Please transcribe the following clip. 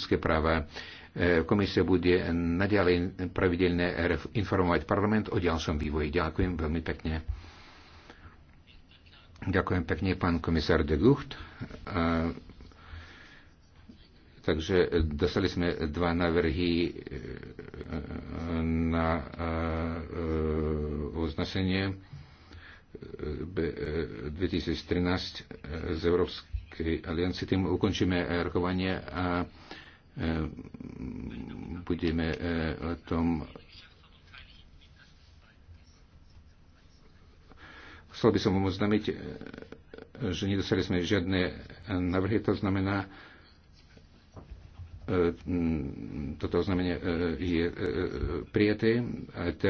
ľudské práva. E, Komisia bude naďalej pravidelne informovať parlament o ďalšom vývoji. Ďakujem veľmi pekne. Ďakujem pekne, pán komisár de Gucht. Takže dostali sme dva návrhy e, na e, označenie 2013 z Európskej aliancie. Tým ukončíme rokovanie a Ehm, budeme eh, o tom Chcel by som vám oznámiť, eh, že nedostali sme žiadne navrhy, to znamená, eh, toto oznámenie je prijaté.